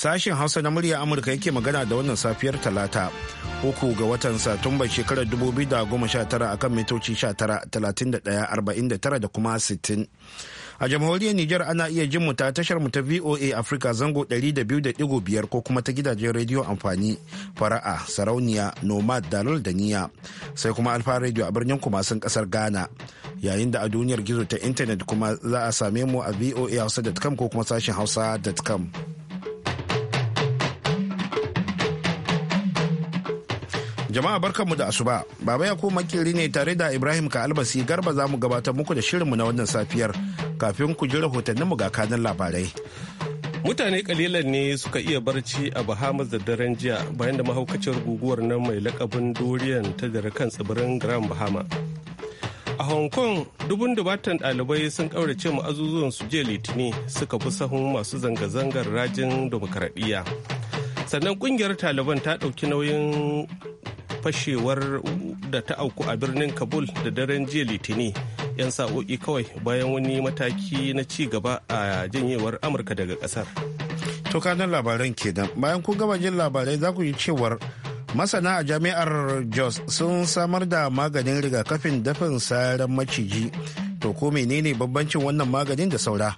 Sashen Hausa na murya Amurka yake magana da wannan safiyar Talata, uku ga watan Satumba shekarar 2019 akan mitoci 19,31,49 da kuma 60. A jamhuriyar Nijar ana iya jin mu ta tashar mu ta VOA Africa zango 200.5 ko kuma ta gidajen rediyo amfani fara'a sarauniya nomad dalol da niya sai kuma alfa rediyo a birnin kumasin kasar Ghana. Yayin da a duniyar gizo ta intanet kuma za a same mu a VOA hausa.com ko kuma sashen hausa.com. Jama'a barkanmu da asuba. Baba ya kuma ne tare da Ibrahim ka albasi garba za mu gabatar muku da shirinmu na wannan safiyar kafin ku ji rahotanninmu ga kanan labarai. Mutane kalilan ne suka iya barci a Bahamas da daren jiya bayan da mahaukaciyar guguwar nan mai lakabin Dorian ta dare kan tsibirin Grand Bahama. A Hong Kong, dubun dubatan ɗalibai sun ƙaurace mu azuzuwan su je litini suka fi sahun masu zanga-zangar rajin demokaradiyya. sannan ƙungiyar taliban ta ɗauki nauyin fashewar da ta auku a birnin kabul da daren jiya litini yan sa'o'i kawai bayan wani mataki na ci gaba a janyewar amurka daga kasar to kanan labaran kenan bayan ku gama jin labarai za ku yi cewar masana a jami'ar jos sun samar da maganin rigakafin dafin saran maciji to ko menene bambancin wannan maganin da saura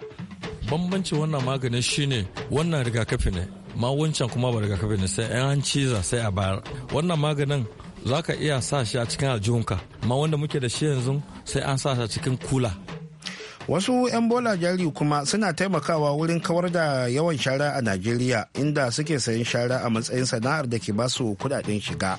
bambancin wannan maganin shine wannan rigakafi ne ma wancan kuma ba daga kafin sai an ciza sai a bayar wannan maganin za ka iya sa shi a cikin aljihunka ma wanda muke da shi yanzu sai an sa shi a cikin kula wasu 'yan bola jari kuma suna taimakawa wurin kawar da yawan shara a najeriya inda suke sayan shara a matsayin sana'ar da ke basu kudaden shiga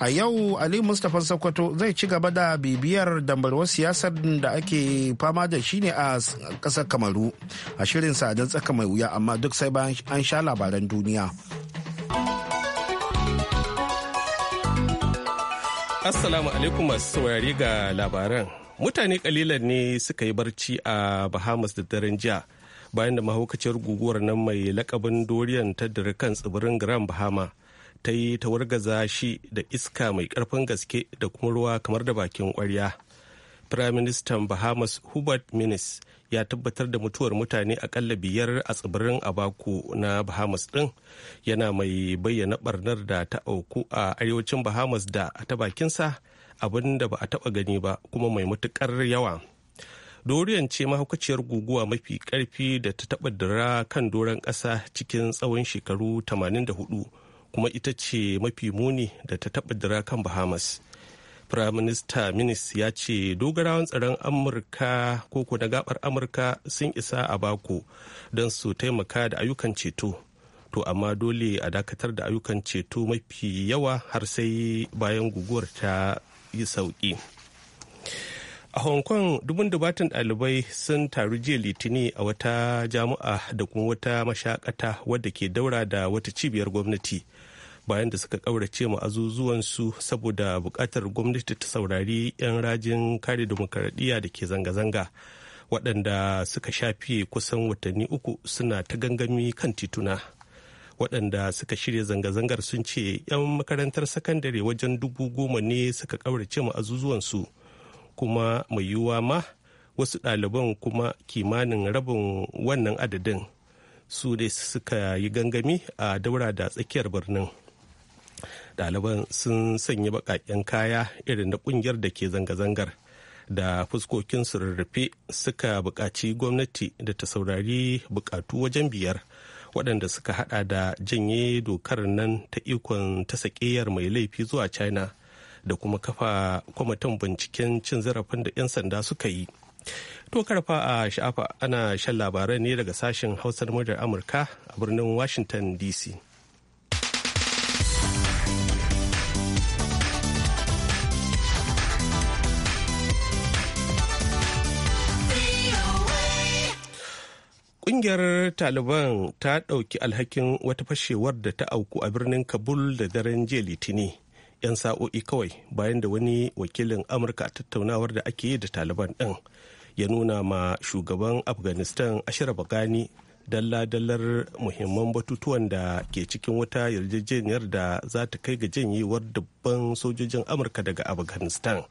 a yau ali mustapha sokoto zai ci gaba da bibiyar dambarwar siyasar da ake fama da shi ne a ƙasar kamaru a shirin sa dan tsaka mai wuya amma duk sai bayan an sha labaran duniya assalamu alaikum masu saurari ga labaran mutane kalilan ne suka yi barci a bahamas da daren jiya bayan da mahaukaciyar guguwar nan mai lakabin dorian ta kan tsibirin grand bahama ta yi ta wargaza shi da iska mai karfin gaske da kuma ruwa kamar da bakin kwarya firaministan bahamas hubert minis ya tabbatar da mutuwar mutane akalla biyar a tsibirin abaku na bahamas din yana mai bayyana barnar da ta auku a arewacin bahamas da ta bakinsa abin da ba a taba gani ba kuma mai matukar yawa doriyan ce mahaukaciyar guguwa mafi karfi da ta taba dira kan doron ƙasa cikin tsawon shekaru 84 kuma ita ce mafi muni da ta taɓa dira kan bahamas firaminista minis ya ce dogarawan tsaron amurka ko na gabar amurka sun isa a bako don su taimaka da ayyukan ceto to amma dole a dakatar da ayyukan ceto mafi yawa har sai bayan guguwar ta yi sauki a hong kong dubun dubatan dalibai sun taru jiya litini a wata jami'a da kuma wata mashakata wadda ke daura da wata cibiyar gwamnati bayan da suka ƙaurace ma azuzuwansu saboda bukatar gwamnati ta saurari 'yan rajin kare demokaradiyya da ke zanga-zanga waɗanda suka shafi kusan watanni uku suna ta gangami kan tituna. waɗanda suka shirya zanga-zangar sun ce 'yan makarantar sakandare wajen dubu goma ne suka kaurace mu azuzuwansu kuma mai yiwuwa ma wasu ɗaliban kuma kimanin rabin wannan adadin su ne suka yi gangami a daura da tsakiyar birnin. ɗaliban sun sanya baƙaƙen kaya irin na ƙungiyar da ke zanga-zangar da fuskokin su rarrafe suka buƙaci gwamnati da ta saurari buƙatu wajen biyar waɗanda suka haɗa da janye dokar nan ta ikon ta sakeyar mai laifi zuwa china da kuma kafa kwamitin binciken cin zarafin da 'yan sanda suka yi to karfa a sha'afa ana shan labarai ne daga sashen hausar muryar amurka a birnin washington dc kungiyar Taliban ta ɗauki alhakin wata fashewar da ta auku a birnin Kabul da daren jiya Litini. 'Yan sa'o'i kawai bayan da wani wakilin Amurka a tattaunawar da ake yi da Taliban ɗin ya nuna ma shugaban Afghanistan ashirar bagani dalla-dallar muhimman batutuwan da ke cikin wata yarjejeniyar da za ta kai ga janyewar dubban sojojin Amurka daga Afghanistan.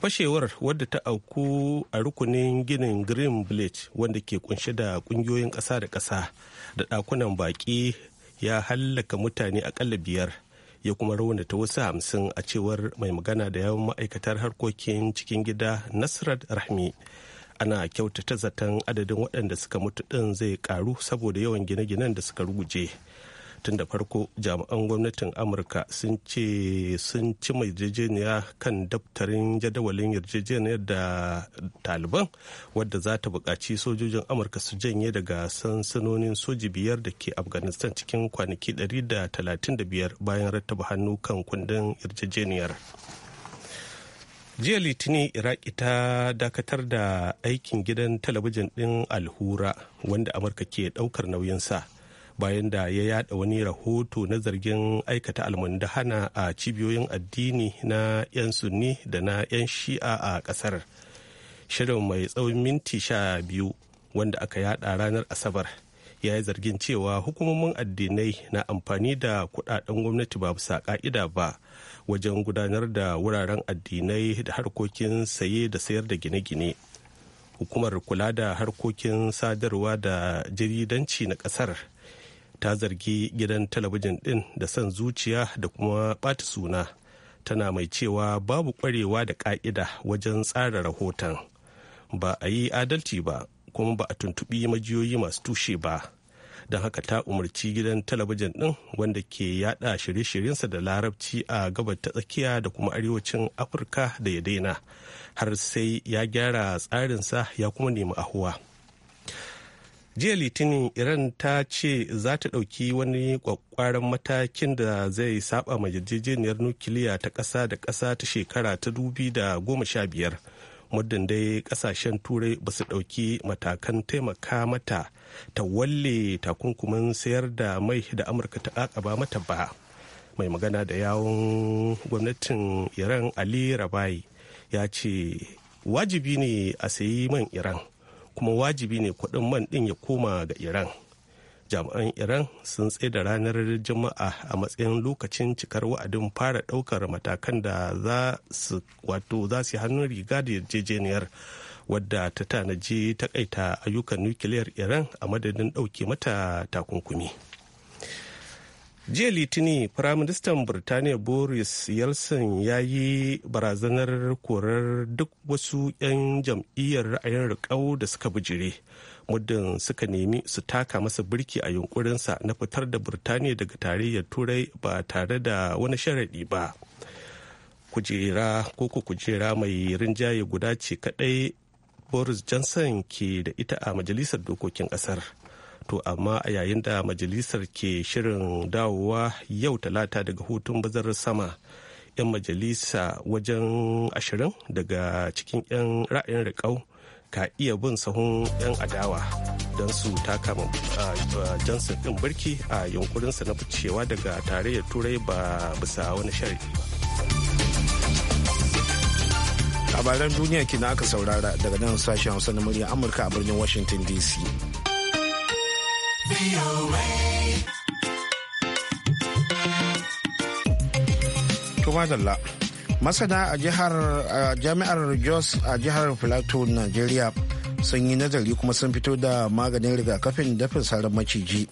fashewar wadda ta auku a rukunin ginin green village wanda ke kunshe da kungiyoyin ƙasa da ƙasa da ɗakunan baƙi ya hallaka mutane akalla biyar ya kuma raunata wasu hamsin a cewar mai magana da yawan ma'aikatar harkokin cikin gida nasrat rahmi ana kyautata zaton adadin waɗanda suka mutu ɗin zai karu saboda yawan gine-ginen da suka ruguje tun da farko jami'an gwamnatin amurka sun ce sun ci mai yarjejeniya kan daftarin jadawalin yarjejeniyar da taliban wadda za ta buƙaci sojojin amurka su janye daga sansanonin soji biyar da ke afghanistan cikin kwanaki 135 bayan rattaba hannu kan kundin yarjejeniyar jiya litinin iraki ta dakatar da aikin gidan talabijin din alhura wanda amurka ke ɗaukar nauyinsa bayan da ya yada wani rahoto na zargin aikata da hana a cibiyoyin addini na 'yan sunni da na 'yan shi'a a kasar shirin mai tsawon minti sha biyu wanda aka yada ranar asabar ya yi zargin cewa hukumomin addinai na amfani da kudaden gwamnati ba bisa ka'ida ba wajen gudanar da wuraren addinai da harkokin saye da sayar da gine-gine hukumar kula da harkokin sadarwa da jaridanci na kasar ta zargi gidan talabijin ɗin da son zuciya da kuma ɓata suna tana mai cewa babu ƙwarewa da ƙa'ida wajen tsara rahoton ba a yi adalci ba kuma ba a tuntuɓi majiyoyi masu tushe ba don haka ta umarci gidan talabijin ɗin wanda ke yada shirye-shiryensa da larabci a gabar ta tsakiya da kuma arewacin afirka da ya daina har sai ya gyara tsarinsa ya kuma nemi ahuwa jiya litinin iran ta ce za ta ɗauki wani kwakwaran matakin da zai saba ma yarjejeniyar nukiliya ta ƙasa da ƙasa ta shekara ta dubi da goma sha biyar muddin dai ƙasashen turai ba su ɗauki matakan taimaka mata ta walle takunkumin sayar da mai da amurka ta ƙaƙaba mata ba mai magana da yawon gwamnatin iran ali rabai ya ce wajibi ne a sayi man iran kuma wajibi ne kuɗin man ɗin ya koma ga iran jami'an iran sun da ranar juma'a a matsayin lokacin cikar wa'adin fara ɗaukar matakan da za su wato hannun riga da yarjejeniyar wadda ta tanaji takaita ayyukan nukiliyar iran a madadin ɗauke mata takunkumi. jiya litini firaministan birtaniya boris yeltsin ya yi barazanar korar duk wasu 'yan jam'iyyar ra'ayin riƙau da suka bijire muddin suka nemi su taka masa birki a yunkurinsa na fitar da birtaniya daga tarayyar turai ba tare da wani sharaɗi ba kujera ko kujera mai rinjaye guda ce kaɗai boris johnson ke da ita a majalisar dokokin ƙasar to amma a yayin da majalisar ke shirin dawowa yau talata daga hutun bazarar sama 'yan majalisa wajen ashirin daga cikin 'yan ra'ayin riƙau ka iya bin sahun 'yan adawa don su taka jansu ɗin birki a yunkurinsa na ficewa daga tarayyar turai ba bisa wani shari'i ba. labaran duniya kina aka saurara daga nan sashen hausa na murya amurka a birnin washington dc Tumadalla. Masana a jihar jami'ar Jos a jihar Filato, Najeriya sun yi nazari kuma sun fito da maganin rigakafin dafin sarar maciji.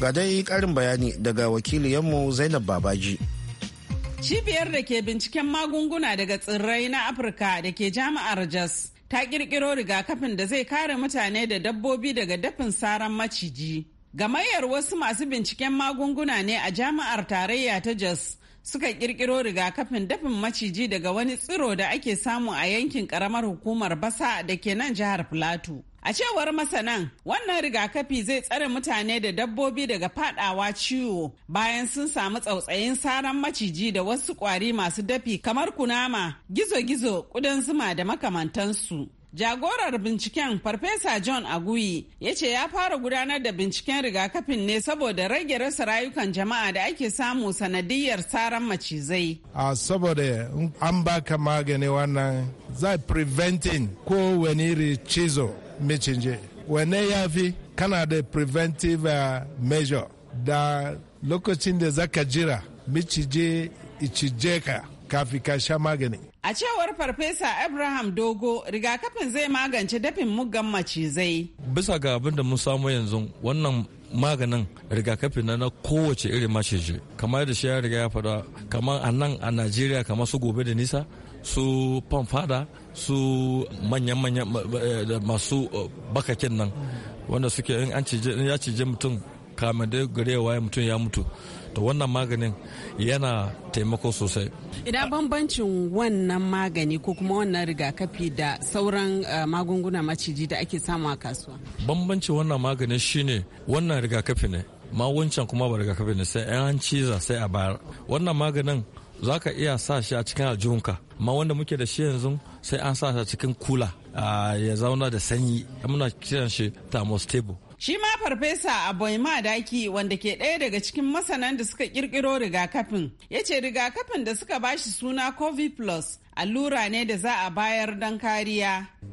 Ga dai karin bayani daga wakiliyanmu Zainab Babaji. Cibiyar da ke binciken magunguna daga tsirrai na Afirka da ke jami'ar Jos ta kirkiro rigakafin da zai kare mutane da dabbobi daga dafin saran maciji. Gamayyar wasu masu binciken magunguna ne a jami'ar tarayya ta Jos suka kirkiro rigakafin dafin maciji daga wani tsiro da ake samu a yankin karamar hukumar Basa da ke nan jihar Filato. A cewar masanan, wannan rigakafi zai tsare mutane da dabbobi daga fadawa ciwo bayan sun samu tsautsayin saran maciji da wasu kwari masu dafi kamar kunama, gizo-gizo, kudan zuma da makamantansu. Jagorar binciken Farfesa John Aguyi ya ce ya fara gudanar da binciken rigakafin ne saboda rage rasa rayukan jama'a da ake samu sanadiyar saran macizai. A saboda an baka magani wannan zai preventing wani cizo macinje wane ya fi kana da preventive uh, measure da lokacin da zaka jira micije icije ka kafi ka sha magani a cewar farfesa abraham dogo rigakafin zai magance dafin mugan macizai bisa ga abin da mun samu yanzu wannan maganin rigakafi na kowace irin maciji kamar da shi ya riga ya faɗa kamar a nan a najeriya kamar su gobe da nisa su fanfada su manyan-manyan eh, masu eh, bakakin nan wanda suke in an ya cije mutum kama da gare ya mutum ya mutu to wannan maganin yana taimako sosai idan bambancin wannan magani ko kuma wannan rigakafi da sauran eh, magunguna maciji da ake samu a kasuwa bambancin wannan magani shine wannan rigakafi ne ma wancan kuma ba rigakafi ne sai an ciza sai a bayar wannan maganin za ka iya sa shi a cikin aljihunka amma wanda muke da shi yanzu sai an sa shi a cikin kula ya zauna da sanyi muna kiran shi thermostable Shi ma farfesa a boima Daki wanda ke ɗaya daga cikin masanan da suka kirkiro rigakafin ya ce rigakafin da suka ba shi suna COVID plus allura ne da za a bayar don kariya.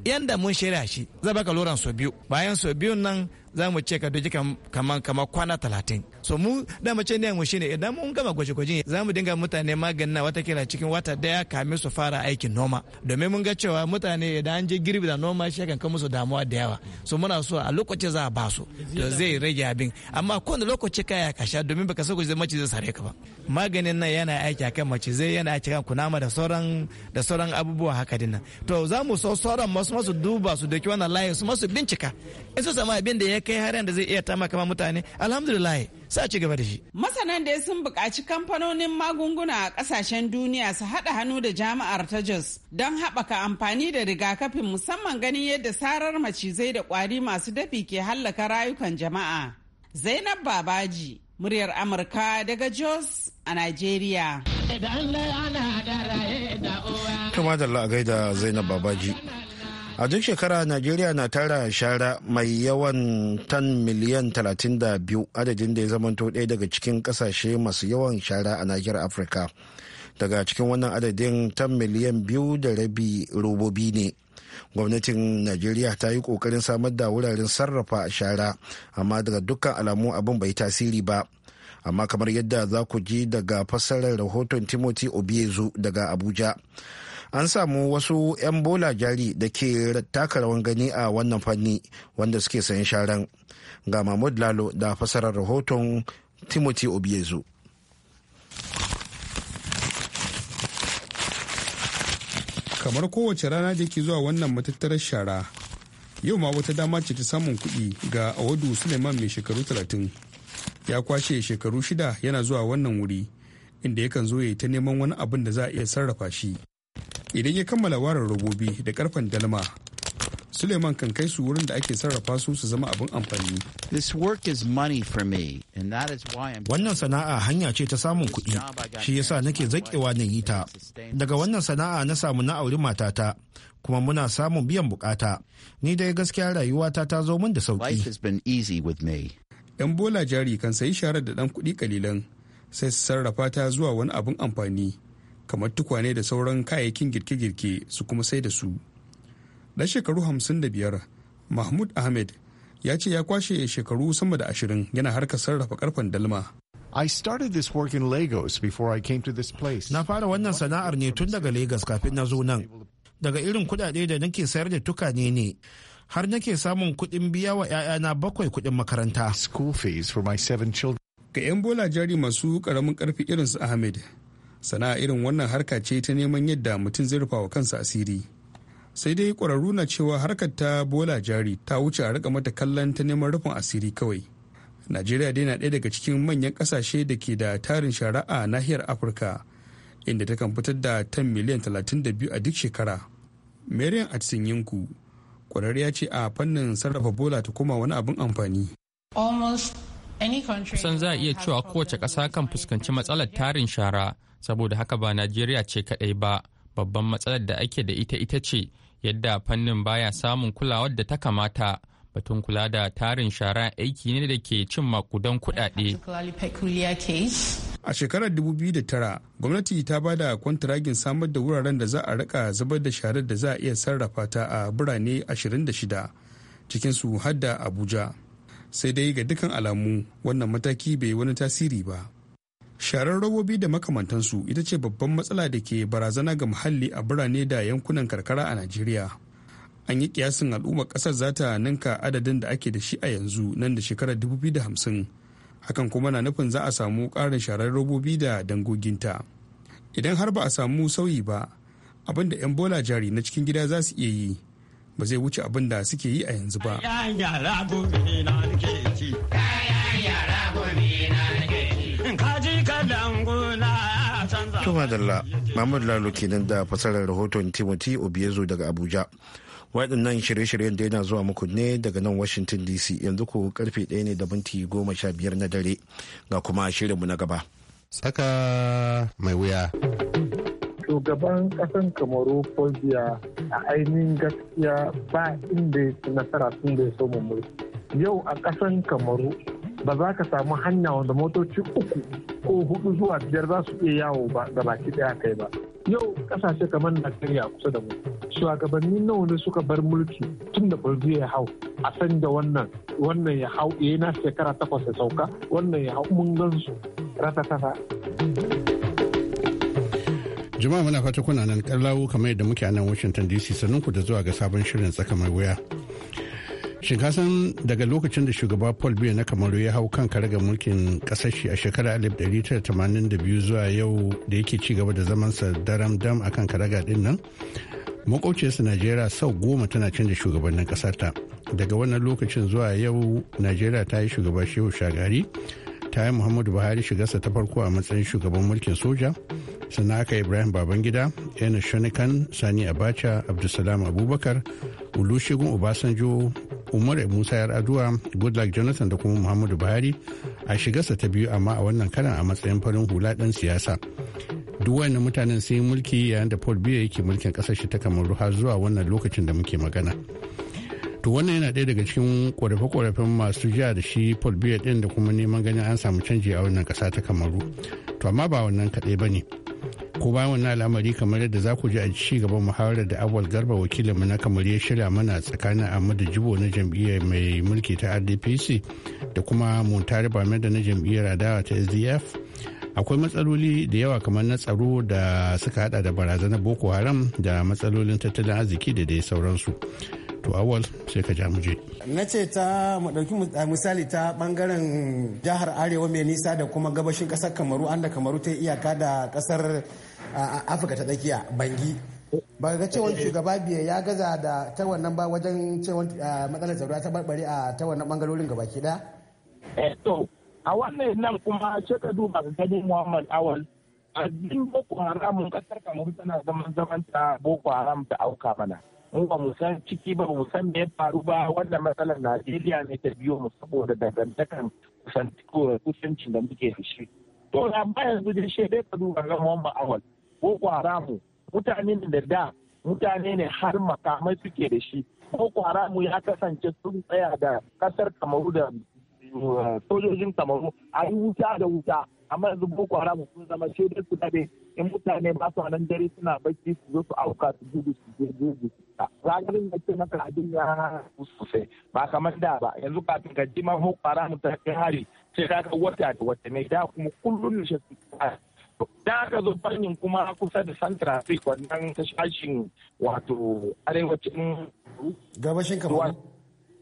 Yanda mun shirya shi zai baka loran sau biyu bayan sau biyun nan za mu ce ka doji kamar kwana talatin so mu da mace ne mu shine idan mun gama gwaje-gwaje za mu dinga mutane maganin wata cikin wata daya kamin su fara aikin noma domin mun ga cewa mutane idan an je girbi da noma shi kan musu damuwa da yawa so muna so a lokacin za a ba su to zai rage abin amma kowane lokaci kaya kasha domin baka sako zai mace zai sare ka ba maganin nan yana aiki akan mace zai yana aiki kan kunama da sauran da sauran abubuwa haka dinnan to za mu so sauran masu masu duba su doki wannan layi su masu bincika in su sama abin da ya kai har da zai iya kama mutane alhamdulillah sa ci gaba da shi. Masanan dai sun buƙaci kamfanonin magunguna a ƙasashen duniya su haɗa hannu da jami'ar ta Jos don haɓaka amfani da rigakafin musamman ganin yadda sarar macizai da ƙwari masu dafi ke hallaka rayukan jama'a. Zainab Babaji, muryar Amurka daga Jos a Najeriya. Kama da la'agai da Zainab Babaji. a duk shekara najeriya na tara shara mai yawan tan miliyan 32 adadin da ya zamanto ɗaya daga cikin ƙasashe masu yawan shara a nahiyar afirka daga cikin wannan adadin tan miliyan biyu da rabi robobi ne gwamnatin najeriya ta yi ƙoƙarin samar da wuraren sarrafa shara amma daga dukkan alamu abin bai tasiri ba amma kamar yadda za ku ji daga fassarar rahoton timothy obiezu daga abuja an samu wasu 'yan bola jari da ke taka rawan gani a wannan fanni wanda suke sayan sharan ga mahmud lalo da fasarar rahoton timothy obiezu kamar kowace rana da ke zuwa wannan matattarar shara yau ma wata dama ce ta samun kuɗi ga awadu suleiman mai shekaru 30 ya kwashe shekaru shida yana zuwa wannan wuri inda yakan zo ya yi ta neman wani abin da za a iya sarrafa shi idan ya kammala warin robobi da karfen dalma suleiman kan kai su wurin da ake sarrafa su su zama abin amfani wannan sana'a hanya ce ta samun kuɗi shi yasa nake zaƙewa na yi ta daga wannan sana'a na samu na auri matata kuma muna samun biyan bukata ni dai gaskiya rayuwata ta zo min da sauƙi yan bola jari kan sayi sharar da ɗan kuɗi kalilan sai su sarrafa ta zuwa wani abin amfani kamar tukwane da sauran kayayyakin girke-girke su kuma sai da su ɗan shekaru 55 mahmud ahmed ya ce ya kwashe shekaru sama da ashirin yana harkar sarrafa karfen dalma I started this work in Lagos before I came to this place. Na fara wannan sana'ar ne tun daga Lagos kafin na zo nan. Daga irin kudade da nake sayar da tukane ne. Har nake samun kuɗin biya wa 'ya'yana bakwai kuɗin makaranta. School fees for my seven children. Ga 'yan bola jari masu ƙaramin ƙarfi irinsu Ahmed, sana'a irin wannan harka ce ta neman yadda mutum zai rufa wa kansa asiri sai dai ƙwararru na cewa harkar ta bola jari ta wuce a rika mata kallon ta neman rufin asiri kawai najeriya dai na ɗaya daga cikin manyan ƙasashe da ke da tarin shari'a nahiyar afirka inda takan fitar da tan miliyan 32 a duk shekara marian atsin yanku ya ce a fannin sarrafa bola ta koma wani abin amfani kusan za a iya cewa kowace ƙasa kan fuskanci matsalar tarin shara saboda haka ba najeriya ce kaɗai ba babban matsalar da ake da ita ita ce yadda fannin baya samun kulawar da ta kamata batun kula da tarin shara aiki ne da ke cin makudan kuɗaɗe. A shekarar 2009, gwamnati ta ba da kwantiragin samar da wuraren da za a rika zubar da sharar da za a iya sarrafa ta a birane 26, cikinsu har da Abuja. Sai dai ga dukan alamu wannan mataki bai wani tasiri ba. sharar robobi da makamantansu ita ce babban matsala da ke barazana ga muhalli a birane da yankunan karkara a najeriya an yi kiyasin al'ummar ƙasar za ta ninka adadin da ake da shi a yanzu nan da shekarar dubu 2050 hakan kuma na nufin za a samu ƙarin sharar robobi da dangoginta idan har ba a samu sauyi ba abin da 'yan bola jari na cikin gida za su iya yi ba zai wuce abin da suke yi a yanzu ba. To madalla, Mahmud Lalo kenan da fasarar rahoton Timothy Obiezu daga Abuja. waɗannan shirye-shiryen da yana zuwa muku ne daga nan Washington DC yanzu ko karfe ɗaya ne da minti goma sha biyar na dare ga kuma shirinmu na gaba. saka mai wuya. Shugaban ƙasan Kamaru Fobia a ainihin gaskiya ba inda nasara tun da ya so mulki. Yau a ƙasan Kamaru ba za ka samu hanya wanda motoci uku ko hudu zuwa biyar za su iya yawo ba da baki daya kai ba yau kasashe kamar najeriya kusa da mu shugabanni nawa ne suka bar mulki tun da fulbi ya hau a sanda wannan wannan ya hau ya yi na shekara takwas ya sauka wannan ya hau mun gan su ratatata jama'a muna fata kuna nan kallawo kamar yadda muke a nan washington dc sannan ku da zuwa ga sabon shirin tsaka mai wuya shin ka san daga lokacin da shugaba paul biya na kamaru ya hau kan karagar mulkin kasar shi a shekarar 1982 zuwa yau da yake ci gaba da zamansa daram dam akan karaga din nan makwauciyarsa najeriya sau goma tana canza shugabannin kasarta daga wannan lokacin zuwa yau najeriya ta yi shugaba shehu shagari ta yi muhammadu buhari shigarsa ta farko a matsayin shugaban mulkin soja sannan aka ibrahim babangida yana shanikan sani abacha abdulsalam abubakar olusegun obasanjo umar musa yar aduwa goodluck jonathan da kuma muhammadu buhari a shigarsa ta biyu amma a wannan karan a matsayin farin hula dan siyasa duk wannan mutanen sun yi mulki yayin da paul biya yake mulkin kasar shi ta kamaru har zuwa wannan lokacin da muke magana to wannan yana ɗaya daga cikin ƙorafe-ƙorafen masu jiya da shi paul biya ɗin da kuma neman ganin an samu canji a wannan ƙasa ta kamaru to amma ba wannan kaɗai ba ne ko bayan wannan al'amari kamar yadda za ku ji a ci gaban muhawarar da awal garba wakilinmu na kamar ya shirya mana tsakanin ahmadu jibo na jam'iyyar mai mulki ta rdpc da kuma muntari da na jam'iyyar adawa ta sdf akwai matsaloli da yawa kamar na tsaro da suka hada da barazanar boko haram da matsalolin tattalin arziki da dai sauransu to awal sai ka ja muje na ce ta mu dauki misali ta bangaren jihar arewa mai nisa da kuma gabashin kasar kamaru an da kamaru ta iyaka da kasar a afirka ta tsakiya bangi ba ga cewa eh. shugaba biyar ya gaza da ta wannan ba wajen cewa matsalar tsaro ta barbare a ta wannan bangarorin gaba da? daya eh, a wannan nan kuma sai ka duba ga gani muhammad awal jin boko haram kasar kamar tana zaman zaman ta boko haram ta auka mana mu ba mu san ciki ba mu san me ya faru ba wannan matsalar najeriya ne ta biyo mu saboda dangantakar kusancin da muke da shi to na ba yanzu dai shi dai ka duba ga Muhammad Awal Boko Haramu mutane da da mutane ne har makamai suke da shi Boko Haramu ya kasance sun tsaya da kasar Kamaru da eh, sojojin Kamaru a yi wuta da wuta amma yanzu Boko Haramu sun zama shi dai su dade in mutane ba su nan dare suna bacci su zo su auka su gudu su je jeji ragarin da ke maka abin ya ba kamar da ba yanzu kafin ka ji ma Boko Haramu ta kai hari sai ka ga wata da wata ne da kuma kullum nishe da aka zo fannin kuma kusa da san traffic wannan ta shashin wato arewacin gabashin kamar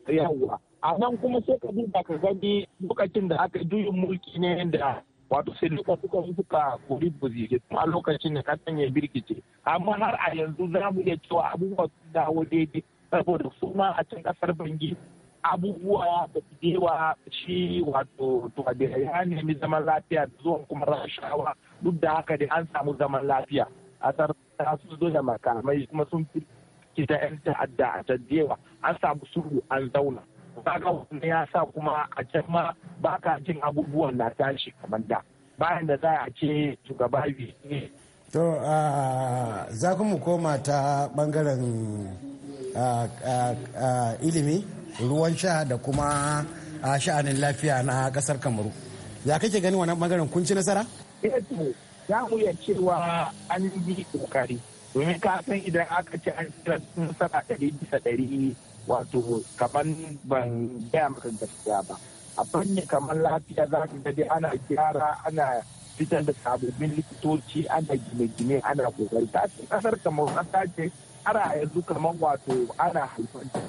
yawa a nan kuma sai ka duba ka gani lokacin da aka juyin mulki ne da wato sai duka suka suka kori buzi a lokacin da ka sanya birkice amma har a yanzu za mu iya cewa abubuwa su dawo daidai saboda su ma a can kasar bangi abubuwa da yawa shi wato da ya nemi zaman lafiya da zuwan kuma rashawa duk da haka dai an samu zaman lafiya a tsarar su zo da makamai kuma sun fi kita yan ta'adda a tajewa an samu sulhu an zauna ba wannan ya sa kuma a can ma ba ka jin abubuwan na tashi kamar da bayan da za a ce shugaba to za mu koma ta bangaren ilimi ruwan sha da kuma a sha'anin lafiya na kasar kamaru ya kake gani wannan bangaren kun ci nasara eh, za mu iya cewa an yi kokari domin ka san idan aka ci an cira nasara ɗari bisa ɗari wato kamar ban gaya maka gaskiya ba a fanni kamar lafiya za ka dai ana gyara ana fitar da sababbin likitoci ana gine-gine ana kokari ta ce kasar kamar ta ce har yanzu kamar wato ana haifar da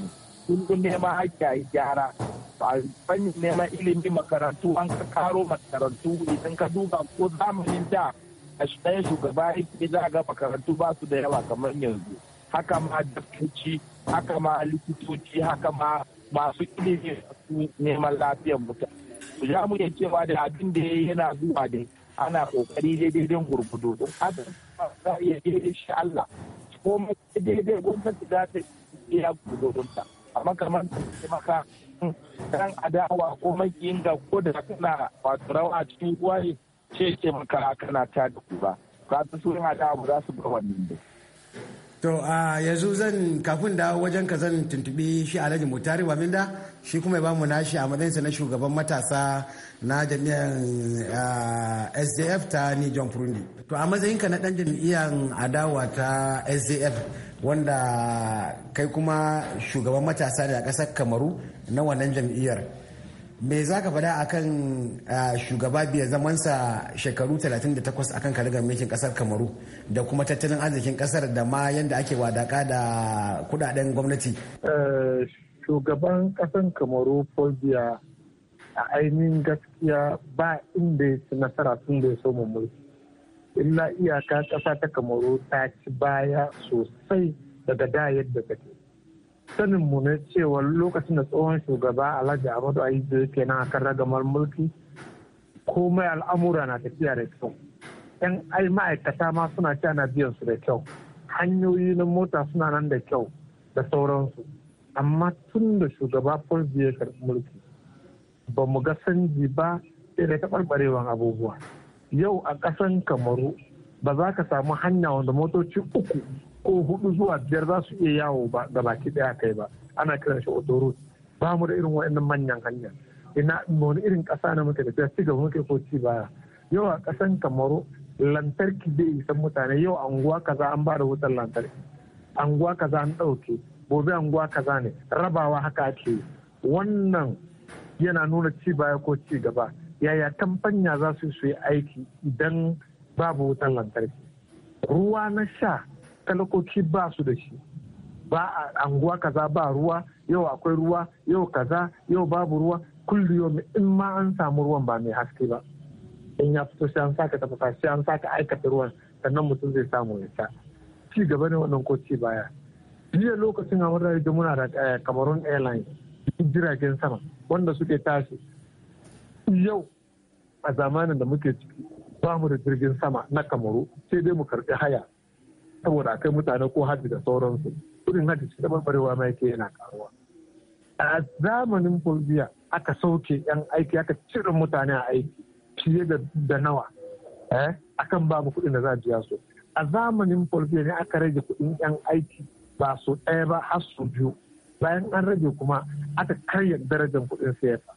kundin neman haƙƙi a gyara a fannin neman ilimi makarantu an ka karo makarantu idan ka duba ko zamanin da a shirin shugaba yake za ga makarantu ba su da yawa kamar yanzu haka ma daktoci haka ma likitoci haka ma masu ilimi su neman lafiyar mutane su ja mu cewa da abin da ya yana zuwa da ana kokari daidai don gurgudu don haka za a iya daidai shi Allah ko daidai gwamnati za ta iya gurgudunta a kamar maka dan adawa ko makiyin ga ko da kana wato rawa cikin ruwa ne ce ce maka kana ta da ku ba ka so sun adawa ba za su ga wannan to a yanzu zan kafin da wajen ka zan tuntubi shi alhaji mutari minda shi kuma ya ba mu nashi a matsayinsa na shugaban matasa na jami'an sdf ta ni John furundi to a matsayinka na dan jami'an adawa ta sdf wanda kai kuma shugaban matasa ne a ƙasar kamaru na wannan jam'iyyar me za ka faɗa akan shugaba biya zamansa shekaru 38 akan kaligar mulkin ƙasar kamaru da kuma tattalin arzikin ƙasar da ma yadda ake wadaka da kudaden gwamnati eh, shugaban ƙasar kamaru paul a ainihin gaskiya ba inda ya ci nasara tun da ya so mulki illa iyaka ƙasa ta kamaru ta ci baya sosai daga da yadda ke. sanin mu ne cewa lokacin da tsohon shugaba alhaji ahmadu ayizu yake nan akan ragamar mulki komai al'amura na tafiya da kyau yan ai ma'aikata ma suna ci ana biyan su da kyau hanyoyi na mota suna nan da kyau da sauransu amma tun da shugaba fulbi mulki ba mu ga sanji ba sai da taɓarɓarewan abubuwa yau a ƙasan kamaru ba za ka samu hanya wanda motoci uku ko hudu zuwa biyar za su iya yawo ba da baki daya kai ba ana kiran shi odoro ba mu da irin wa'annan manyan hanya ina wani irin ƙasa na muke tafiya ci gaba muke ko ci baya yau a ƙasan kamaru lantarki bai isan mutane yau anguwa kaza an ba da wutar lantarki anguwa kaza an ɗauke gobe anguwa kaza ne rabawa haka ake wannan yana nuna ci baya ko ci gaba yaya kamfanya za su su yi aiki idan babu wutan lantarki ruwa na sha talakoki ba su da shi ba a anguwa kaza ba ruwa yau akwai ruwa yau kaza yau babu ruwa kullu yau in ma an samu ruwan ba mai haske ba in ya fito sai an saka tafasa sai an saka aikata ruwan sannan mutum zai samu ya sha ci gaba ne wannan ko ci baya jiya lokacin a wurare da muna da kamarun eh, Airlines jiragen sama wanda suke tashi yau a zamanin da muke ciki ba mu da jirgin sama na kamaru sai dai mu karɓi haya saboda akai mutane ko hajji da sauransu irin hajji cikin barbarewa ma yake yana karuwa a zamanin bolivia aka sauke yan aiki aka cire mutane a aiki fiye da nawa eh, akan babu kuɗin da za a biya su a zamanin bolivia ne aka rage kuɗin yan aiki ba su ɗaya ba har su biyu bayan an rage kuma aka karya darajar kuɗin siyasa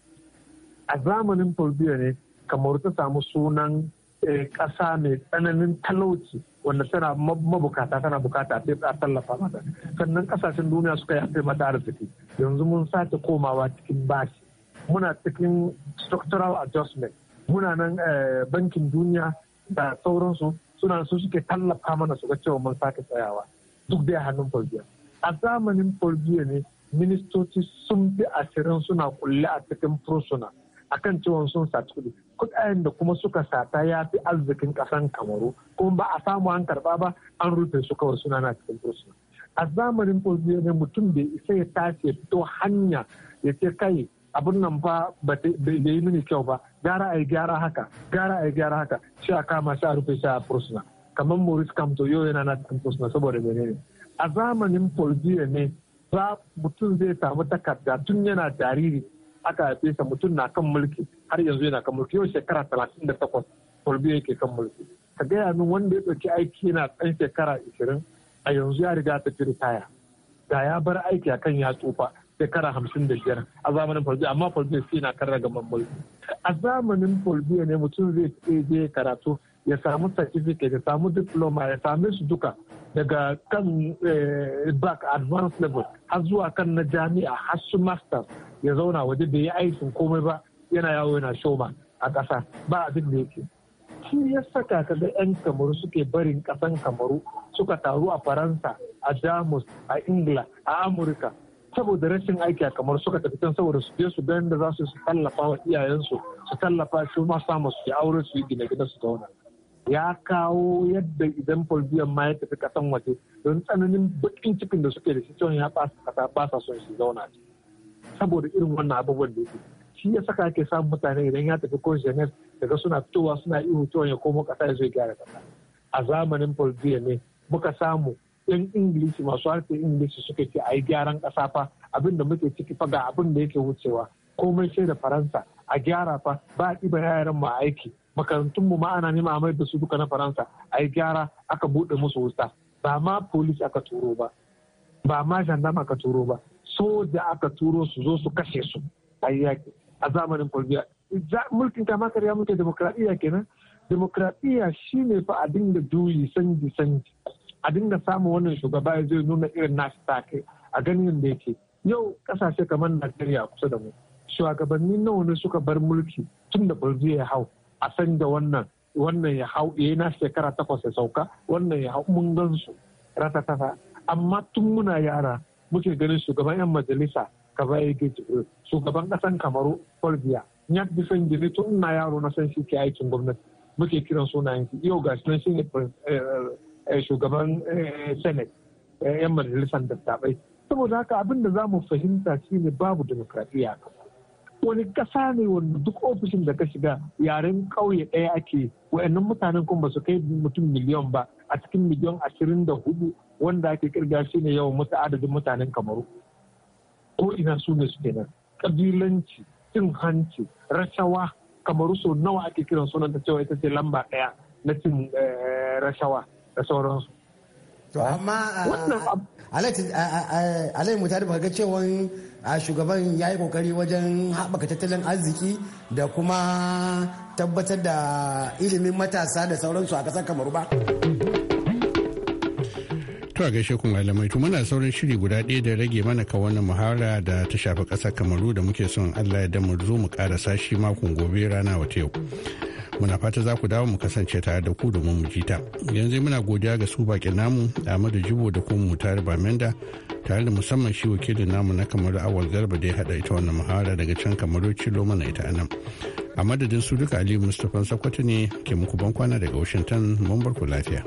a zamanin bolivia ne kamaru ta samu sunan eh, ƙasa mai tsananin talauci wanda tana mabukata tana bukata a tallafa mata sannan ƙasashen duniya suka yafe mata arziki yanzu mun sake komawa cikin bashi muna cikin structural adjustment muna nan eh, bankin duniya da sauransu suna su suke tallafa mana su ga cewa mun sake tsayawa duk dai hannun folbiya a zamanin folbiya ne ministoci sun bi ashirin suna kulle a cikin fursuna akan cewa sun saci kudi kudayen da kuma suka sata ya fi arzikin kasan kamaru kuma ba a samu an karɓa ba an rufe su kawai suna na cikin fursuna a zamanin ne mutum bai isa ya tashi fito hanya ya ce kai abin nan ba bai yi mini kyau ba gara a yi gyara haka gara a yi gyara haka shi a kama shi a rufe shi a fursuna kamar maurice kamto yau yana na cikin fursuna saboda menene a zamanin fulbiyar ne za mutum zai samu takarda tun yana jariri aka haife sa mutum na kan mulki har yanzu yana kan mulki yau shekara talatin da takwas yake kan mulki ka gaya min wanda ya ɗauki aiki yana ɗan shekara ishirin a yanzu ya riga ta ritaya da ya bar aiki akan ya tsufa shekara hamsin da biyar a zamanin kwalbiya amma kwalbiya sai na kan ragaman mulki a zamanin kwalbiya ne mutum zai je karatu ya samu certificate ya samu diploma ya same su duka daga kan eh, back advanced level har zuwa kan na jami'a har su master ya zauna waje bai yi aikin komai ba yana yawo yana shoma a ƙasa ba abin da yake shi ya saka ka ga 'yan kamaru suke barin ƙasan kamaru suka taru a faransa a jamus a ingila a amurka saboda rashin aiki a kamar suka tafi can saboda su je su ga da za su tallafa wa iyayensu su tallafa su ma samu su aure su yi gine-gine su zauna ya kawo yadda idan folbiyan ma ya tafi kasan waje don tsananin bakin cikin da suke da shi cewa ya kasa ba sa son shi zauna saboda irin wannan abubuwan da yake shi ya saka ake samun mutane idan ya tafi ko Janet daga suna fitowa suna ihu cewa ya komo kasa ya zai gyara kasa a zamanin folbiyan ne muka samu yan Ingilishi masu harshen Ingilishi suke ce a yi gyaran kasa fa abin muke ciki fa ga abin da yake wucewa komai sai da Faransa a gyara fa ba a ɗiba yaran mu aiki makarantun mu ma ana nema a mai da su duka na faransa a yi gyara aka buɗe musu wuta ba ma polis aka turo ba ba ma gendarme aka turo ba soja aka turo su zo su kashe su a yaƙi a zamanin kwalbiya mulkin kama karya muke demokradiyya kenan demokradiyya ne fa a dinga juyi sanji sanji a dinga samun wannan shugaba ya zai nuna irin nasu take a ganin da yake yau kasashe kamar najeriya kusa da mu shugabanni nawa ne suka bar mulki tun da barzu ya hau a san da wannan wannan ya hau ya eh, na shekara takwas ya sauka wannan ya hau mun gan su ratatata amma tun muna yara muke ganin shugaban yan majalisa kaba ya shugaban kasan kamaru folbiya ya fi san gini tun na yaro na san shi ke aikin gwamnati muke kiran sunayen shi yau gashi nan shi ne eh, eh, shugaban senate yan majalisan dattabai saboda haka abin da za mu fahimta shine babu demokradiyya ka. wani ƙasa ne wanda duk ofishin da ka shiga yaren ƙauye ɗaya ake wa'annan mutanen kuma ba su kai mutum miliyan ba a cikin miliyan ashirin da hudu wanda ake kirga shi ne yawan mutu adadin mutanen kamaru ko ina su ne su kenan ƙabilanci cin hanci rashawa kamaru sau nawa ake kiran sunan ta cewa ita ce lamba ɗaya na cin rashawa da sauransu to amma alai mutane ba ga cewa a shugaban ya yi kokari wajen haɓaka tattalin arziki da kuma tabbatar da ilimin matasa da sauransu a ƙasar kamaru ba. To a gaishe kun malamai to muna sauran shiri guda ɗaya da rage mana ka wannan muhara da ta shafi ƙasar Kamaru da muke son Allah ya damar zo mu ƙarasa sashi makon gobe rana wata yau. muna fata za ku dawo mu kasance tare da ku domin mu ji ta yanzu muna godiya ga su bakin namu ahmadu jibo da kuma mutare bamenda tare da musamman shi wakilin namu na kamar awal garba da ya hada ita wannan muhara daga can kamar cilo mana ita anan a madadin su duka aliyu mustapha sakwato ne ke muku ban kwana daga washington mun bar ku lafiya.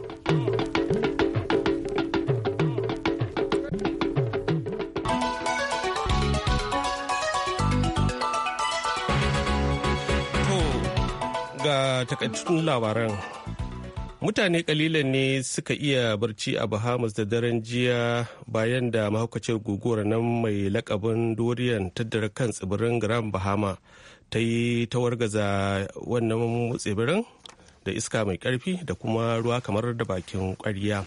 a takaitattun labaran mutane kalilan ne suka iya barci a bahamas da daren jiya bayan da mahaukacin guguwar nan mai lakabin dorian tattara kan tsibirin grand bahama ta yi tawargaza wannan tsibirin da iska mai karfi da kuma ruwa kamar da bakin kwarya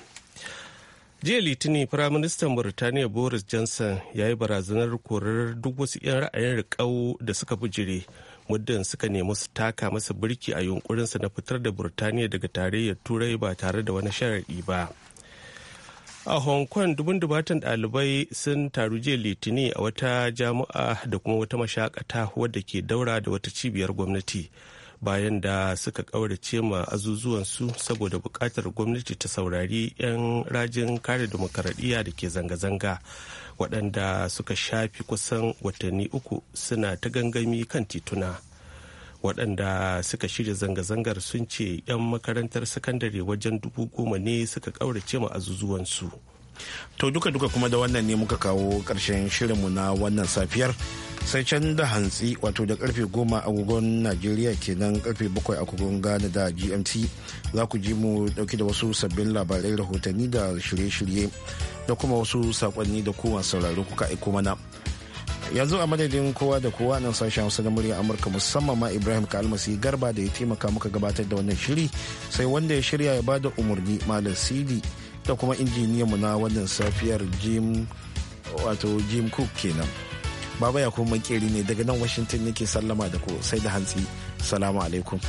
jiya litini firaministan burtaniya boris johnson ya yi barazanar korar duk wasu 'yan ra'ayin riƙau da suka bijire muddin suka nemi su taka masa birki a yunkurinsa na fitar da burtaniya daga tarayyar turai ba tare da wani sharaɗi ba a hong kong dubun dubatan dalibai sun taru jiya litini a wata jami'a da kuma wata mashakata wadda ke daura da wata cibiyar gwamnati bayan da suka ƙaurace ma azuzuwansu saboda bukatar gwamnati ta saurari 'yan rajin kare demokaradiyya da ke zanga-zanga waɗanda suka shafi kusan watanni uku suna ta gangami kan tituna waɗanda suka shirya zanga-zangar sun ce 'yan makarantar sakandare wajen dubu goma ne suka ƙaurace ma azuzuwansu. su To duka-duka kuma da wannan ne muka kawo ƙarshen shirinmu na wannan safiyar. sai can da hantsi wato da karfe goma agogon najeriya kenan karfe bakwai agogon ghana da gmt za ku ji mu dauki da wasu sabbin labarai rahotanni da shirye-shirye da kuma wasu sakonni da kowane sauraro kuka aiko mana yanzu a madadin kowa da kowa nan sashen hausa na murya amurka musamman ma ibrahim kalmasi garba da ya taimaka muka gabatar da wannan shiri sai wanda ya shirya ya bada umarni malam sidi da kuma mu na wannan safiyar jim wato jim cook kenan baba ya kuma makeri ne daga nan washington nake sallama da ku sai da hantsi salamu alaikum